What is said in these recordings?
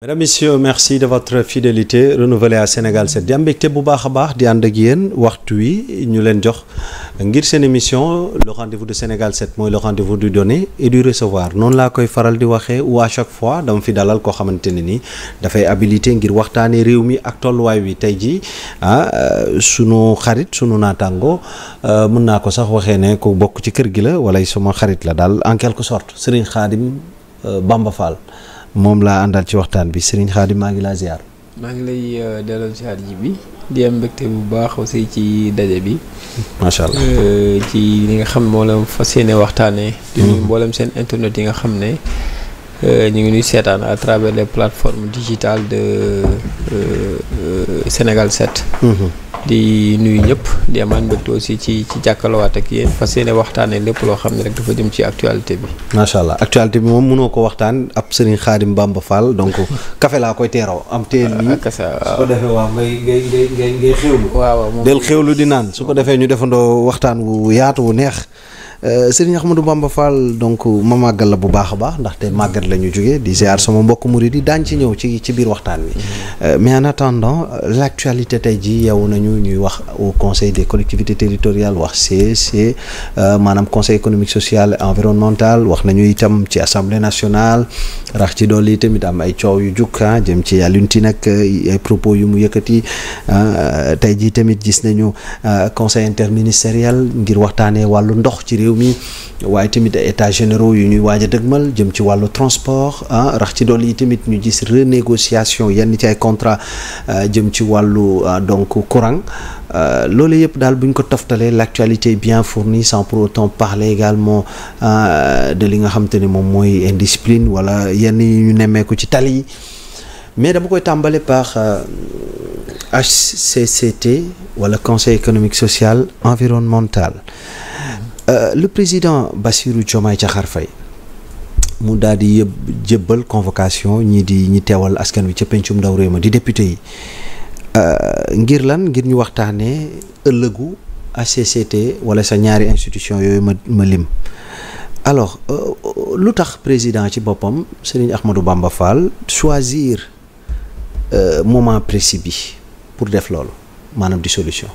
Mesdames, Messieurs, merci de votre fidélité renouvelée à Sénégal 7 di am mbégte bu baax a baax di ànd ak yéen waxtu wi ñu leen jox ngir seen émission le rendez-vous de Sénégal 7 mooy le rendez-vous du donner et du recevoir noonu laa koy faral di waxee ou à chaque fois dama fi dalal koo xamante ne ni dafay habilité ngir waxtaanee réew mi ak tolluwaay wi tey jii ah euh, sunu xarit sunu naataango euh, mën naa ko sax waxee ne ku bokk ci kër gi la wala suma xarit la daal en quelque sorte Serigne Khadim euh, moom laa àndal ci waxtaan bi Serigne Khadim maa ngi laa ziar. maa ngi lay euh, delloo ziar ji bi di am mbégte bu baax aussi ci daje bi. macha allah euh, ci li nga xam moo la fas yéene waxtaanee. Mm-hmm. di mboolem seen internet yi nga xam ne. Euh, ñu ngi nuy seetaan à travers les plateformes digitales de euh, euh, Sénégal 7. Mhm. di nuyu ñëpp di amaat mbégte aussi ci ci jàkkaarloowaat ak yéen fas yéene waxtaanee lépp loo xam ne rek dafa jëm ci actualité bi. macha allah actualité bi moom mënoo ko waxtaan ab Serigne Khadim Bamba Fall donc café laa koy teeroo am teel ah, nii ah. su ko defee waaw ngay ngay ngay ngay xéwlu. waaw waaw del xéwlu di naan su ko defee ñu defandoo waxtaan wu yaatu wu neex. Euh, Serigne Ahmadou Bamba Fall donc ma màggal la bu baax a baax ndaxte màggat la ñu jógee di ziar sama mbokk murid yi daan ci ñëw ci ci biir waxtaan wi euh, mais en attendant l' actualité tey jii yow nañu ñuy wax au conseil des collectivités territoriales wax CEC euh, maanaam conseil économique social et environnemental wax nañu itam ci assemblée nationale rax ci dolli yi tamit am ay coow yu jukk ah, jëm ci Alioune Tine nag ay propos yu mu yëkkati ah, tey jii tamit gis nañu conseil interministériel ngir waxtaanee wàllu ndox mi waaye tamit états généraux yu ñuy waaj a dëgmal jëm ci wàllu transport ah, rax ci dolli yi tamit ñu gis renégociation yenn ci ay contrat ah, jëm ci wàllu ah, donc courant loolu yëpp daal buñ ñu ko toftalee l'actualité bien fournie sans pour autant parler également de li nga xam te moom mooy indiscipline wala yenn yu ñu nemmeeku ci tali yi mais dama koy tàmbale par t wala conseil économique social environnemental Euh, le président basiru Bassirou ca xar Faye mu daal di yëb jëbbal convocation ñii di ñi teewal askan wi ca pencum ndaw réew ma di député yi euh, ngir lan ngir ñu waxtaanee ëllëgu HCCT wala sa ñaari institution yooyu ma ma lim alors euh, lu tax président ci boppam Serigne Ahmadou Bamba Fall choisir moment précis bi pour def loolu maanaam di solution.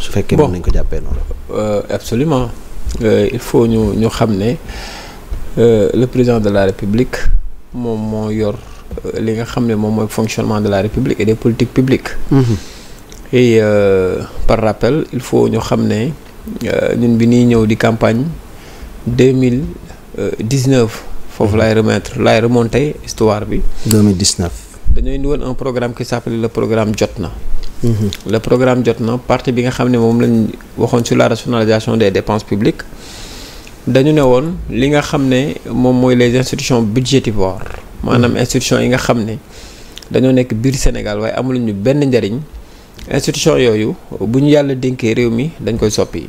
su fekkee mën nañ ko jàppee noonu. absolument Euh, il faut ñu ñu xam ne euh, le président de la république moom moo yor euh, li nga xam ne moom mooy fonctionnement de la république et des politiques publiques mm par rappel il faut ñu xam ne ñun bi ñuy ñëw di campagne deux mille dix neuf foofu laay mm-hmm. remettre laay remonter histoire bi. deux mille dix neuf. dañoo indi woon un programme jot na le programme jot na partie bi nga xam ne moom lañ waxoon sur la rationalisation des dépenses publiques dañu ne woon li nga xam ne moom mooy les institutions budgétivores maanaam mm-hmm. institutions yi nga xam ne dañoo nekk biir Sénégal waaye amul ñu benn njariñ institution yooyu bu ñu yàlla dénkee réew mi dañ koy soppi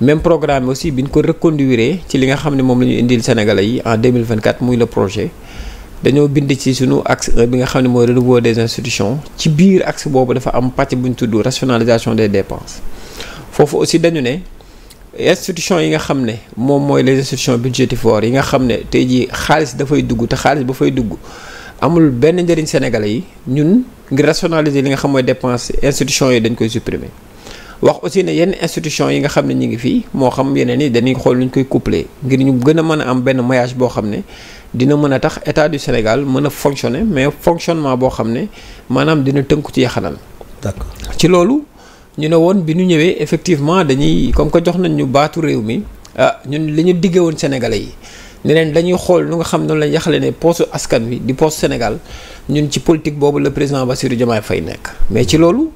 même programme aussi bi ñu ko reconduire ci li nga xam ne moom la ñu indil Sénégalais yi en 2024 muy le projet dañoo bind ci sunu axe e bi nga xam ne mooy renouveau des institutions ci biir axe boobu dafa am pàcc bu ñu tudd rationalisation des dépenses foofu aussi dañu ne institutions yi nga xam ne moom mooy les institutions foor yi nga xam ne te jii xaalis dafay dugg te xaalis ba fay dugg amul benn njëriñ sénégal yi ñun ngir rationaliser li nga xam mooy dépense institutions yi dañ koy supprimer. wax aussi ne yenn institution yi nga xam ne ñu ngi fii moo xam yeneen yi dañuy xool lu ñu koy couplé ngir ñu gën a mën a am benn maillage boo xam ne dina mën a tax état du Sénégal mën a fonctionner mais fonctionnement boo xam ne maanaam dina tënku ci yaxanal. d'accord ci loolu ñu ne woon bi ñu ñëwee effectivement dañuy comme que jox nañ ñu baatu réew mi ah li ñu diggee woon sénégalais yi. ne dañuy xool lu nga xam noonu lañ yaxale ne poste askan wi di poste Sénégal ñun ci politique boobu la président ba Bassirou Diomaye fay nekk mais ci loolu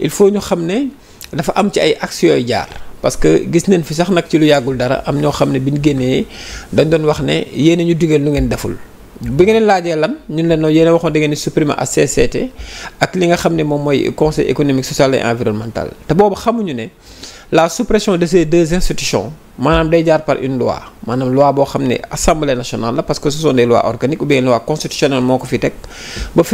il faut ñu xam ne. dafa am ci ay actions yooyu jaar parce que gis nañ fi sax nag ci lu yàggul dara am ñoo xam ne bi ñu génnee dañu doon wax ne yéen ñu digal lu ngeen deful bi ngeen laajee lan ñun leen noonu yéen a waxoon di ngeen supprimer ak CCT ak li nga xam ne moom mooy conseil économique social et environnemental te boobu xamuñu ne la suppression de ces deux institutions maanaam day jaar par une loi maanaam loi boo xam ne assemblée nationale la parce que ce sont des lois organiques ou bien loi constitutionnelle moo ko fi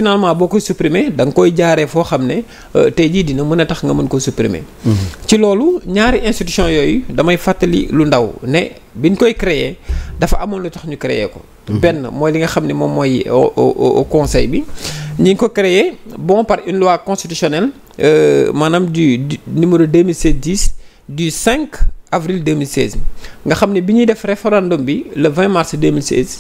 da nga koy jaaree foo xam ne euh, tey jii dina mën a tax nga mën ko supprimer. Mhm. ci loolu ñaari institution yooyu damay fàttali lu ndaw ne biñ koy créer dafa amoon lu tax ñu créer ko. Mhm. benn mooy li nga xam ne moom mooy au bi ñi ngi ko créer bon par une loi constitutionnelle euh, maanaam du numéro 2016 10 du 5. avril 2016 nga xam ne bi ñuy def référendum bi le 20 mars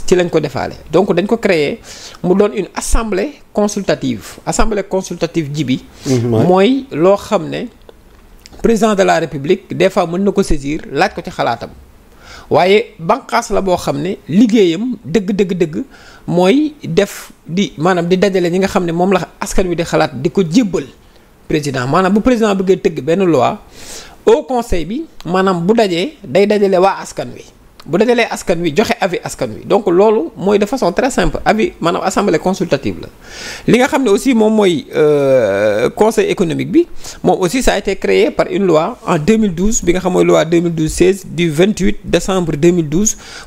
ci lañ ko defaale donc dañ ko créer mu doon une assemblée consultative assemblée consultative ji bi mhm, mooy loo xam ne président de la république des fois mën na ko saisir laaj ko ci xalaatam waaye banqaas la boo xam ne liggéeyam dëgg dëgg dëgg mooy def di maanaam di dajale ñi nga xam ne moom la askan wi di xalaat di ko jébbal président maanaam bu président bëggee tëgg benn loi au conseil bi maanaam bu dajee day dajale waa askan wi bu dajalee askan wi joxe avis askan wi donc loolu mooy de façon très simple avis maanaam assemblée consultative la li nga xam ne aussi moom mooy euh, conseil économique bi moom aussi ça par une loi en 2012 bi nga xam mooy loi 2012 16 du 28 décembre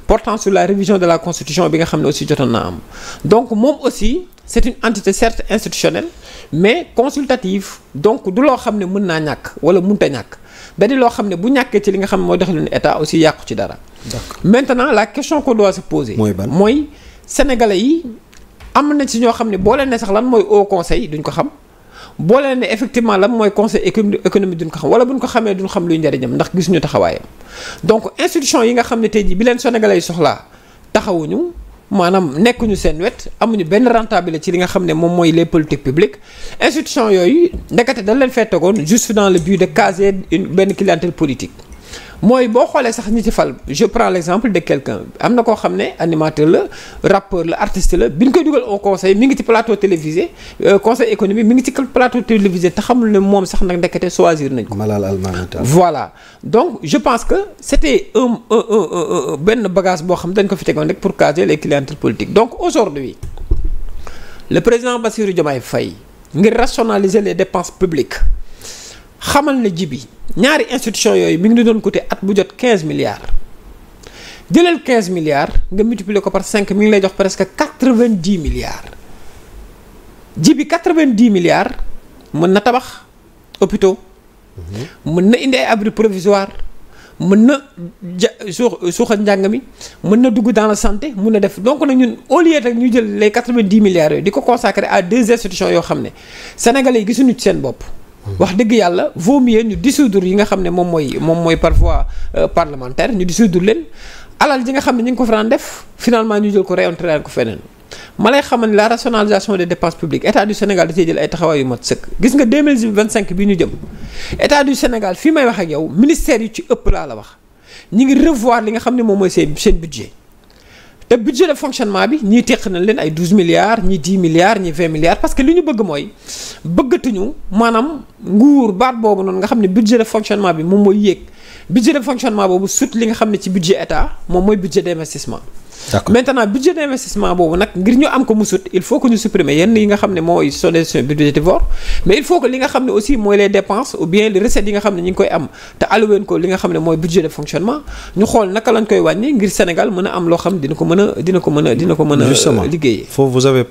portant sur la révision de la constitution bi nga xam ne aussi jotoon na am donc moom aussi c'est une entité certes institutionnelle mais consultative donc du loo xam ne mën naa ñàkk wala mënta ñàkk. ba loo xam ne bu ñàkkee ci li nga xam ne mooy doxalinu état aussi yàqu ci dara. maintenant la question ko doit se poser. mooy ban mooy sénégalais yi am na ci ñoo xam ne boo leen ne sax lan mooy haut conseil duñ ko xam. boo leen ne effectivement lan mooy conseil économique duñ ko xam wala buñ ko xamee duñ xam luy njëriñam ndax gisuñu taxawaayam donc institution yi nga xam ne tey jii bi leen sénégalais yi soxlaa taxawuñu. maanaam nekkuñu seen wet amuñu benn rentabilité ci li nga xam ne moom mooy les politiques publiques institution yooyu ndekete dañ leen fee tegoon juste dans le but de caser une benn clientèle politique mooy boo xoolee sax ñi ci fal je prends l'exemple de quelqu'un am na koo xam ne animateur la rappeur la artiste la bi ñu koy dugal au conseil mi ngi ci plateau télévisé euh, conseil économique mi ngi ci plateau télévisé te xamul ne moom sax nag ndekete choisir nañ ko. Malal Almaami voilà donc je pense que c'était un un benn bagage boo xam dañ ko fi tegoon rek pour caser les clientèles politiques donc aujourd'hui le président Bassirou Diomaye Faye ngir rationaliser les dépenses publiques. xamal ne jibi ñaari institution yooyu mi ngi doon coûter at bu jot 15 milliards jëlal 15 milliards nga multiplier ko par 5 mi ngi lay jox presque 90 milliards jibi 90 milliards mën na tabax hôpitaux mhm. mën na indi ay abri provisoire mën na ja suuxal njàng mi mën na dugg dans la santé mën na def donc nag ñun au lieu rek ñu jël les 90 milliards yooyu di ko consacrer à deux institutions yoo xam ne sénégalais yi gisuñu ci seen bopp wax dëgg yàlla vaut mieux ñu yi nga xam ne moom mooy moom mooy par voie euh, parlementaire ñu dissoudre leen alal ji nga xam ne ñu ngi ko faraan def finalement ñu jël ko réentré ko feneen ma lay xamal la rationalisation de dépenses publiques état du Sénégal da cee jël ay taxawaay yu mat sëkk gis nga 2025 bi ñu jëm état du Sénégal fii may wax ak yow ministère yu ci ëpp laa la wax ñi ngi revoir li nga xam ne moom mooy seen seen budget te budget de fonctionnement bi ñi teq na leen ay douze milliards ñii dix milliards ñii vingt milliards parce que li ñu bëgg mooy bëggatuñu maanaam nguur baat boobu noonu nga xam ne budget de fonctionnement bi moom mooy yéeg budget de fonctionnement boobu sut li nga xam ne ci budget état moom mooy budget d'investissement d'accord maintenant budget d'investissement boobu nag ngir ñu am ko mu sut il faut que ñu supprimer yenn yi nga xam ne mais xam ne aussi mooy les dépenses ou bien les recettes ko li nga xam ne mooy budget de fonctionnement ñu xool naka lañ koy wàññi ngir Sénégal mën a am xam dina ko mën a dina ko mën a dina ko mën a liggéeyee foofu vous avez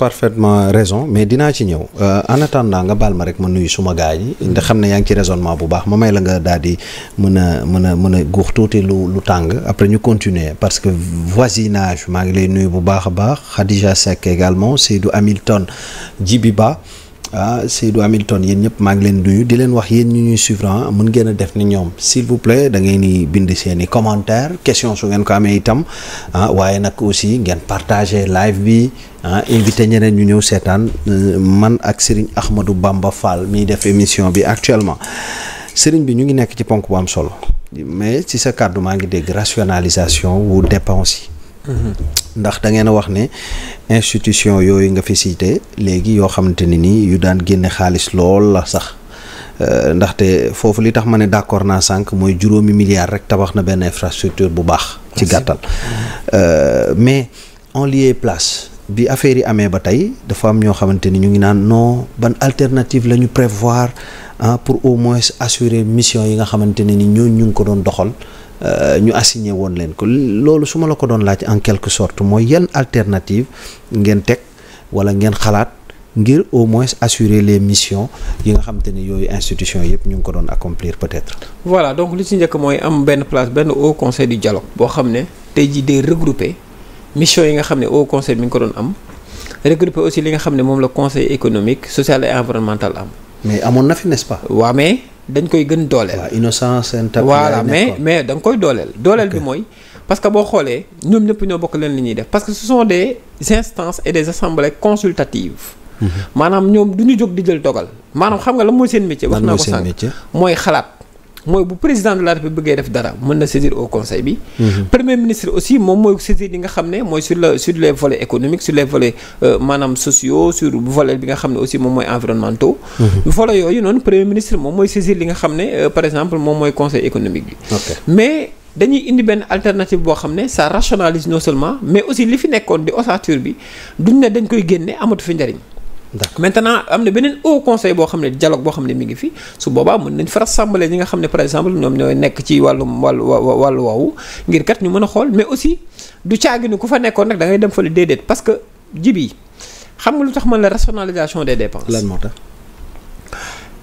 mais dinaa ci ñëw euh, en attendant nga baal ma rek ma nuyu suma gars yi nga xam ne yaa ngi ci raisonnement bu baax ma may la nga daal di mën a mën a mën a guux tuuti lu lu tàng après ñu continuer parce que naa maa ngi lay nuyu bu baax a baax Khadija Seck également Seydou Hamilton Djibi Ba ah Seydou Hamilton yéen ñëpp maa ngi leen nuyu di leen wax yéen ñu ñuy suivre ah, mun ngeen a def ni ñoom s'il vous plaît da di bind seen i commentaire question su ngeen ko amee itam ah waaye nag aussi ngeen partager live bi ah invité ñeneen ñu ñëw seetaan euh, man ak Serigne Ahmadou Bamba Fall mii def émission bi actuellement Serigne bi ñu ngi nekk ci ponk bu am solo mais ci sa kàddu maa ngi dégg rationalisation wu dépense yi. ndax da ngeen a wax ne institution yooyu nga fi siite léegi yoo xamante ne nii yu daan génne xaalis lool la sax euh, ndaxte foofu li tax ma ne d'accord naa sànq mooy juróomi milliards rek tabax na benn infrastructure bu baax. ci gàttal euh, mais en lieu place bi affaire yi amee ba tey dafa am ñoo xamante ni ñu ngi naan non ban alternative la ñu prévoir ah pour au moins assurer mission yi nga xamante ne ni ñooñu ñu ngi ko doon doxal. Euh, ñu assigné woon leen ko loolu su ma la ko doon laaj en quelque sorte mooy yan alternative ngeen teg wala ngeen xalaat ngir au moins assurer les missions yi nga xam ni yooyu institution yëpp ñu ngi ko doon accomplir peut-être. voilà donc li si njëkk mooy am benn place benn haut conseil du dialogue boo xam ne tey jii day regrouper mission yi nga xam ne haut conseil mi ngi ko doon am regrouper aussi li nga xam ne moom la conseil économique social et environnemental am. mais amoon na fi n'est-ce dañ koy gën dooleel. waaw innocence voilà mais mais da koy dooleel. dooleel bi mooy parce que boo xoolee ñoom ñëpp ñoo bokk leen li ñuy def parce que ce sont des instances et des assemblées consultatives. Mhm. maanaam ñoom du ñu jóg di jël dogal. maanaam xam nga lan mooy seen métier. wax naa ko sànq mooy xalaat. mooy bu président de la république bëggee def dara mën na saisir au conseil bi. Mhm. premier ministre aussi moom mooy saisir li xam ne mooy sur le sur les volets économiques sur les volets euh, maanaam sociaux sur volet bi nga xam ne aussi moom mooy environnementaux. Mhm. volet yooyu noonu premier ministre moom mooy saisir li nga xam ne euh, par exemple moom mooy conseil économique bi. mais dañuy indi benn alternative boo xam ne ça rationalise non seulement mais aussi li fi nekkoon di ossature bi duñ ne dañ amatu fi njariñ. d'accord maintenant am na beneen haut conseil boo xam ne dialogue boo xam ne mi ngi fi su boobaa mën nañ fa rassembler ñi nga xam ne par exemple ñoom ñooy nekk ci wàllum wàllu wàllu woowu ngir kat ñu mën a xool mais aussi du caagi ni ku fa nekkoon rek dangay dem fa lu déedéet parce que jibi xam nga lu tax man la rationalisation des dépenses. lan moo tax.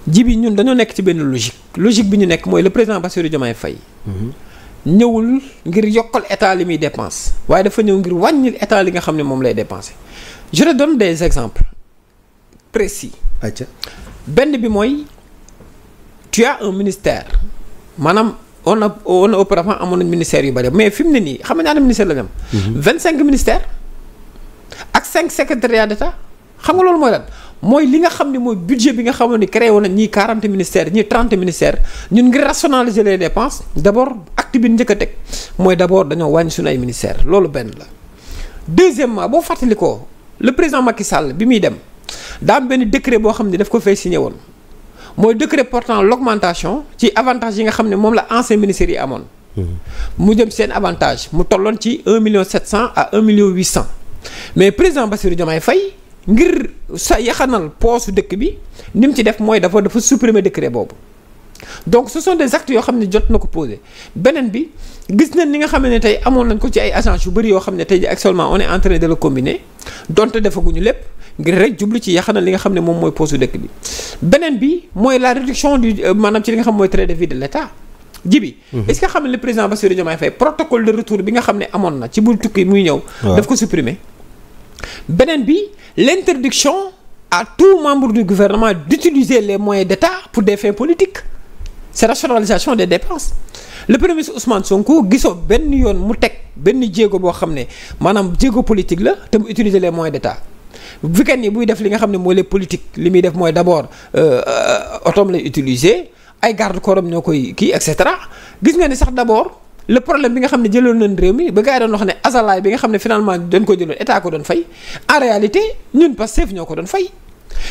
jibi ñun dañoo nekk ci benn logique logique bi ñu nekk mooy le président Bassirou Diomaye fay mhm. ñëwul ngir yokkal état li muy dépense waaye dafa ñëw ngir wàññil état li nga xam ne moom lay dépensé je te donne des précis. benn bi mooy tu un ministère maanaam on a on a auparavant amoon nañ ministère yu bëri mais fi mu ne nii xam nga ñaata ministère la ñu am. 25 mhm. ministères ak 5 secrétariat d'État xam nga loolu mooy lan mooy li nga xam ne mooy budget bi nga xamoon ni créé woon nañ ñii quarante ministère ñii 30 ministère ñun ngir rationaliser les dépenses d'abord acte bi njëkk a teg mooy d'abord dañoo wàññ suñu ay ministère loolu benn la. deuxièmement boo fàttalikoo le président Macky Sall bi muy dem. daa benn décret boo xam ne daf ko fay signé woon mooy décret portant l'augmentation ci avantage yi nga xam ne moom la ancien ministère yi amoon. Mm-hmm. mu jëm seen avantage mu tolloon ci 1 million cent à 1 million cent mais président Bassirou Diomaye fay ngir sa yaxanal poosu dëkk bi ni mu ci def mooy dafa dafa supprimer décret boobu. donc ce sont des yoo xam ne jot na ko posé beneen bi gis nañ ni nga xam ne tey amoon nañ ko ci ay agence yu bëri yoo xam ne tey actuellement on est de le combiner donte defaguñu lépp. ngir rek jublu ci yàq na li nga xam ne moom mooy poste dëkk bi beneen bi mooy la réduction du euh, maanaam ci li nga xam mooy train de vie de l'État jibi mhm. est-ce que xam ne le président Bassirou Diomaye Faye protocole de retour bi xam ne amoon na ci bu tukki muy ñëw daf ko beneen bi l'interdiction à tout membre du gouvernement d'utiliser les moyens d'État pour des fins politiques c'est rationalisation des dépenses le premier ministre Ousmane Sonko gisoo benn yoon mu teg benn jéego boo xam ne maanaam jéego politique la te mu utiliser les moyens d'État weekend yi buy def li nga xam ne mooy les politique li muy def mooy d'abord euh, euh, otoom lay utiliser ay garde corps am ñoo koy kii et cetera gis nga ni sax d'abord le problème bi nga xam ne jëloon nañ réew mi ba gars yi doon wax ne azalaay bi nga xam ne finalement dañ ko jëloon état ko doon fay en réalité ñun Pastef ñoo ko doon fay.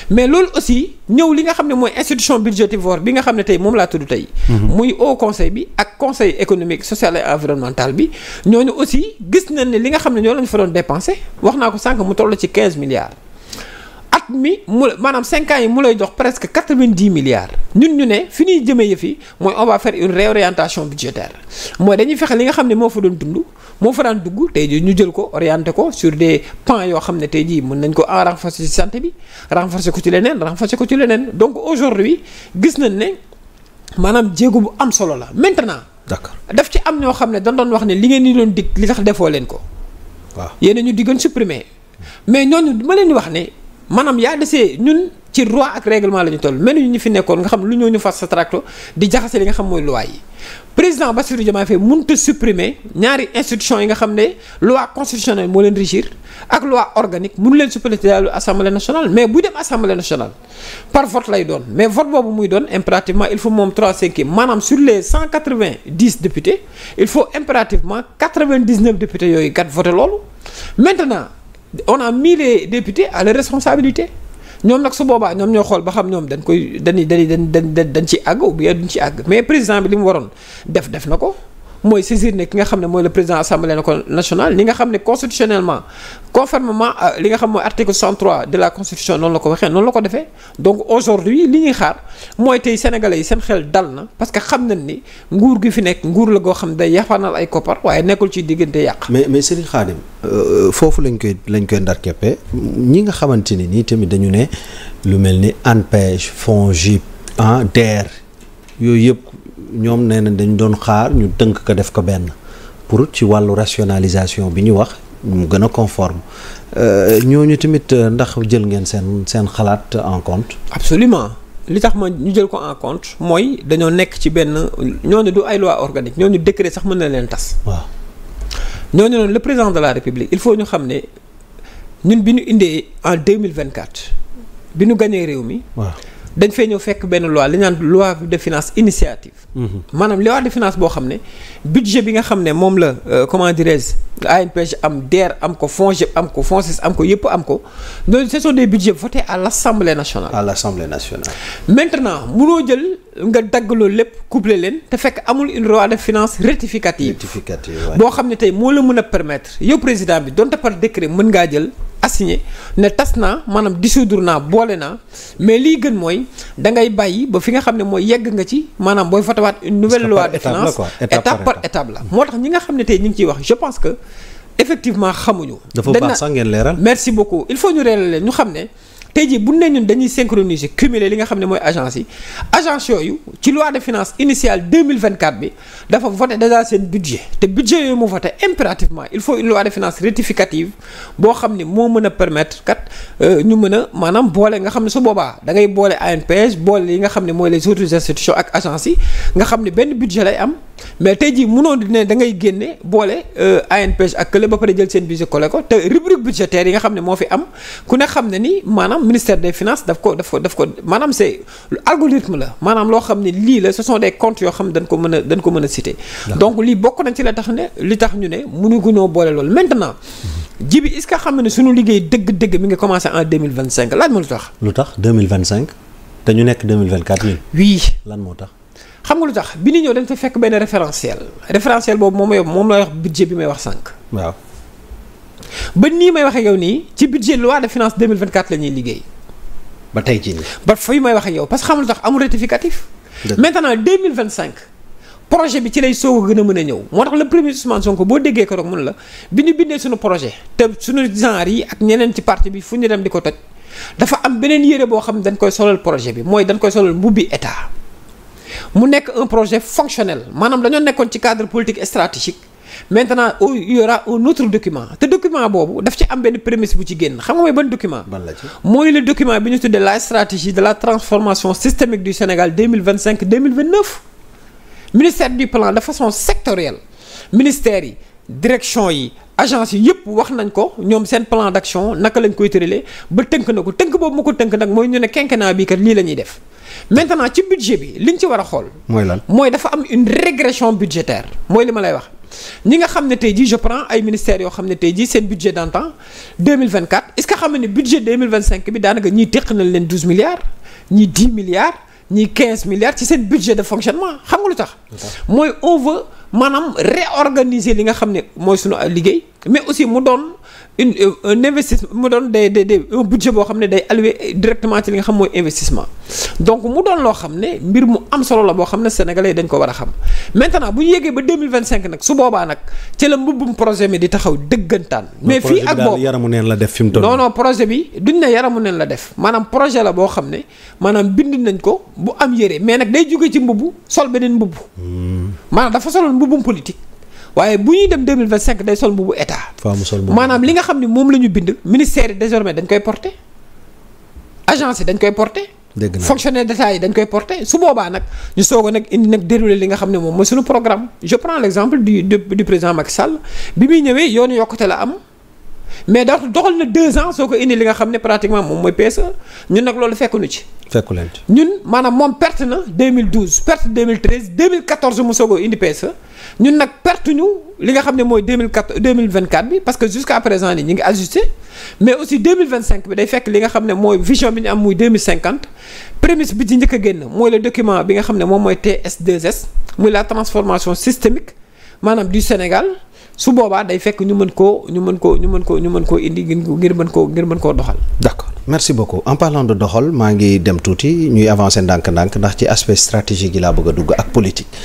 mais loolu aussi ñëw li nga xam ne mooy institution budgétivore bi nga xam ne tey moom laa tudd tey. Mhm. muy haut conseil bi ak conseil économique social et environnemental bi ñooñu aussi gis nañ ne li nga xam ne ñoo lañu fa doon dépensé wax naa ko sànq mu toll ci 15 milliards. at mi mu maanaam 5 ans yi mu lay jox presque 90 milliards ñun ñu ne fi ñuy jëmee yëf mooy on va faire une réorientation budgétaire mooy dañuy fexe li nga xam ne moo fa doon dund moo fa daan dugg tey jii ñu jël ko orienté ko sur des pans yoo xam ne tey jii mën nañ ko en renforcer ci santé bi renforcer ko ci leneen renforcer ko ci leneen donc aujourd'hui gis nañ ne maanaam jéego bu am solo la maintenant. d'accord daf ci am ñoo xam ne dañ doon wax ne li ngeen di doon dig li tax defoo leen ko. waaw yéen ñu diggoon supprimer mais ñooñu ma leen di wax ne. maanaam yaa desee ñun ci droit ak règlement la ñu toll mel ñu fi nekkoon nga xam lu ñoo ñu far sa tracto di jaxase li nga xam mooy loi yi président Bassirou Diomaye Faye mënut a supprimer ñaari institution yi nga xam ne loi constitutionnelle moo leen régir ak loi organique mënu leen supprimer ci daal assemblée nationale mais buy dem assemblée nationale par vote lay doon mais vote boobu muy doon impérativement il faut moom 3 cinquième maanaam sur les 190 députés il faut impérativement 99 députés yooyu gat voté loolu maintenant on a mis les à la responsabilité ñoom nag su boobaa ñoom ñoo xool ba xam ñoom dañ koy dañuy dañuy dañ dan dañ ci àgg ou bien duñ ci àgg mais président bi li mu waroon def def na ko. mooy saisir ne ki nga xam ne mooy la président assemblée nationale li nga xam ne constitutionnellement conformément li nga xam mooy article 103 de la constitution noonu la ko waxee noonu la ko defee donc aujourd'hui li ñuy xaar mooy tey sénégalais yi seen xel dal na parce que xam nañ ni nguur gi fi nekk nguur la goo xam day yaxaanal ay koppar waaye nekkul ci diggante yàq. mais mais Serigne Khadim euh, foofu lañ koy lañ koy ndar keppe ñi nga xamante ni nii tamit dañu ne lu mel ni ANPEJ FONGIP ah DER yooyu yëpp. ñoom nee na dañ doon xaar ñu tënk ko def ko benn pour ci wàllu rationalisation bi ñu wax mu gën a conforme euh, ñooñu tamit euh, ndax jël ngeen seen seen xalaat en compte. absolument li tax ma ñu jël ko en compte mooy dañoo nekk ci benn ñooñu du ay loi organique ñooñu décret sax mën na leen tas. waa ñooñu noonu le président de la république il faut ñu xam ne ñun bi ñu indee en deux mille vingt quatre bi ñu gagné réew mi. waaw dañ fee ñëw fekk benn loi li ñu naan loi de finance initiative. Mhm. maanaam loi de finance boo xam ne budget bi nga xam ne moom la euh, comment dirais-je ANPEJ am DER am ko FONGIP am ko FONSIS am ko yëpp am ko donc ce sont des budgets votés à l'Assemblée nationale. à l'Assemblée nationale. maintenant munoo jël nga daggaloo lépp couplé leen te fekk amul une loi de finance rectificative. rectificative boo xam ne tey moo la mën a permettre yow président bi donte par décret mën ngaa jël. assigné ne tas naa maanaam dissoudre naa boole naa mais lii gën mooy da ngay bàyyi ba fi nga xam ne mooy yegg nga ci maanaam booy fatawaat une nouvelle loi de finances étape par étape la moo tax ñi nga xam ne tey ñu ngi ciy wax je pense que effectivement xamuñu dafa baax sax ngeen leeral merci beaucoup il faut ñu reelal leen ñu xam ne tey jii bu ne ñun dañuy synchroniser cumuler li nga xam ne mooy agence yi agence yooyu ci loi de finances initiale 2024 bi dafa voté déjà seen budget te budget yooyu mu voté impérativement il faut une de finances rectificative boo xam ne moo mën a permettre kat euh, ñu mën a maanaam boole nga xam ne su boobaa da ngay boole ANPS boole li nga xam ne mooy les autres institutions ak agence yi nga xam ne benn budget lay am mais tey jii mënoo ne da ngay génne boole euh, ANPS ak kële ba pare jël seen budget collé ko te rubrique budgétaire yi nga xam ne moo fi am xam ne ni ministère des finances daf ko daf ko daf ko maanaam c'est algorithme la maanaam loo xam ne lii la ce sont des comptes yoo xam dañ ko a ko mën a citer donc lii bokk nañ ci la tax ne li tax ñu ne mënu gunoo boole loolu maintenant mhm. jibi est-ce que xam ne suñu liggéey dëgg-dëgg mi ngi commencé en 2025 laaj ma lu tax lu tax 2025 te ñu nekk 2024 ñun oui lan moo tax xam nga lu tax bi ni ñëw dañ fa fekk benn référentiel référentiel boobu moom mooy moom bi may wax sànq waaw ba nii may waxee yow nii ci budget loi de finance 2024 la ñuy liggéey. ba tey jii ba fay may waxee yow parce que xam lu tax amul rectificatif. maintenant 2025. projet bi ci lay soog a gën a mën a ñëw moo tax le premier Ousmane Sonko boo déggee ko rek mun la bi ñu bindee suñu projet te suñu genre yi ak ñeneen ci parti bi fu ñu dem di ko toj dafa am beneen yére boo xam dañ koy solal projet bi mooy dañ koy solal mbubbi état mu nekk un projet fonctionnel maanaam dañoo nekkoon ci cadre politique stratégique maintenant il y aura un autre document te document boobu daf ci am benn prémisse bu ci génn xam nga mooy ban document. ban la ci mooy le document bi ñu tuddee la stratégie de la transformation systémique du Sénégal 2025 2029 ministère du plan de façon sectorielle ministère yi direction yi. agence yi yëpp wax nañ ko ñoom seen plan d'action naka lañ koy tëralee ba tënk na ko tënk boobu moo ko tënk nag mooy ñu ne quinquennat bii kat lii la ñuy def maintenant ci budget bi li ñu ci war a xool. mooy lan mooy dafa am une régression budgétaire mooy li ma lay wax. ñi nga xam ne tey jii je prends ay ministères yoo xam ne tey jii seen budget d'antan 2024 est-ce que xam nga ne budget 2025 bi daanaka ñiy teq nañ leen 12 milliards ñii 10 milliards ñii 15 milliards ci seen budget de fonctionnement xam nga lu tax. mooy on maanaam réorganiser li nga xam ne mooy suñu liggéey mais aussi mu doon une euh, un investissement mu doon de day day un boo xam ne day alloué directement ci li nga xam mooy investissement donc mu doon loo xam ne mbir mu am solo la boo xam ne sénégalais dañ ko war a xam maintenant bu ñu yéegee ba 2025 nag su boobaa nag ci la mbubbum projet di taxaw dëggantaan mais fii ak boobu yaramu neen la def fi mu toll non non projet bi duñ ne yaramu neen la def maanaam projet la boo xam ne maanaam bind nañ ko bu am yére mais nag day jógee ci mbubb sol beneen mbubb hmm. maanaam dafa solul mbubum politique waaye bu ñuy dem 2025 day sol mbubu état. maanaam li nga xam ne moom la ñu bind. ministère yi désormais dañ koy porté agence yi dañ koy porte dégg naa fonctionnaire d'état yi dañ koy porté su boobaa nag ñu soog a nag indi nag déroulé li nga xam ne moom mooy suñu programme je prends l' exemple du du, du président Macky Sall bi muy ñëwee yoonu yokkute la am. mais da doxal na deux ans soo ko indi li nga xam ne pratiquement moom mooy PSE ñun nag loolu fekkuñu ci. fekku leen ci ñun maanaam moom perte na 2012 perte 2013 perte ñu li nga xam ne mooy 2004 2024 bi parce que jusqu'à présent ni ñu ngi ajusté mais aussi 2025 bi day fekk li nga xam ne mooy vision bi ñu am muy 2050 bi ci njëkk a génn mooy le document bi nga xam ne moom mooy TS2S muy la transformation systémique maanaam du Sénégal. su boobaa day fekk ñu mën koo ñu mën ko ñu mën ko ñu mën koo indi ngir mën koo ngir mën ko doxal. d'accord merci beaucoup en parlant de doxal maa ngi dem tuuti ñuy avancer ndànk-ndànk ndax ci aspect stratégique yi laa bëgg a dugg ak politique.